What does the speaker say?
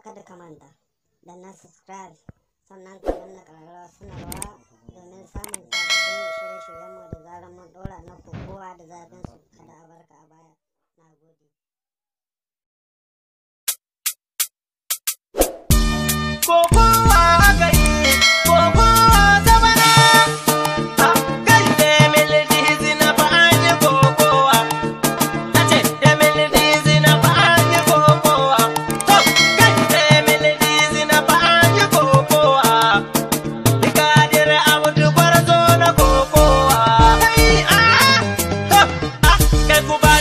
kada ka manta da na subscribe sannan ka danna ƙararrawa sanarwa ¡Gracias!